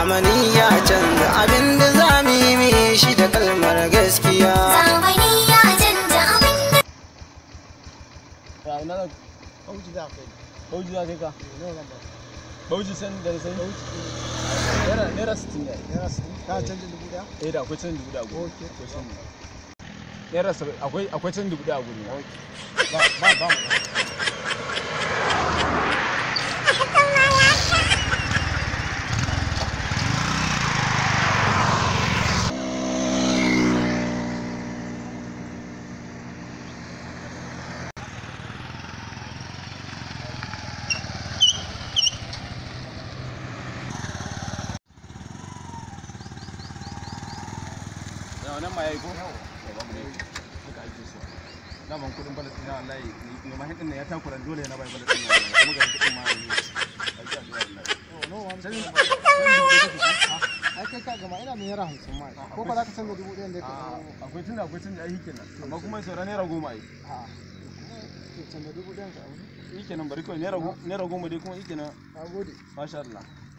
zamani ya canza abin da za mu yi shi da kalmar gaskiya zamani ya canza abin da za ka yi za ka yi ka eh, san da sai ka canza dubu eh da akwai canza dubu akwai canza dubu ba ba ba wannan ma yayi ko daman kudin balasina wallahi ne ma hidin ne ya takura dole na bai balasina kuma ga kudin ma ne ai kai ka gama ina naira hamsin ma ah, ko ba za ka canza dubu ɗayan da ka akwai tunda akwai tunda ai kenan amma kuma saura naira goma ai ah, canza dubu ɗayan ka ai kenan bari kawai naira goma dai kuma ai kenan gode masha Allah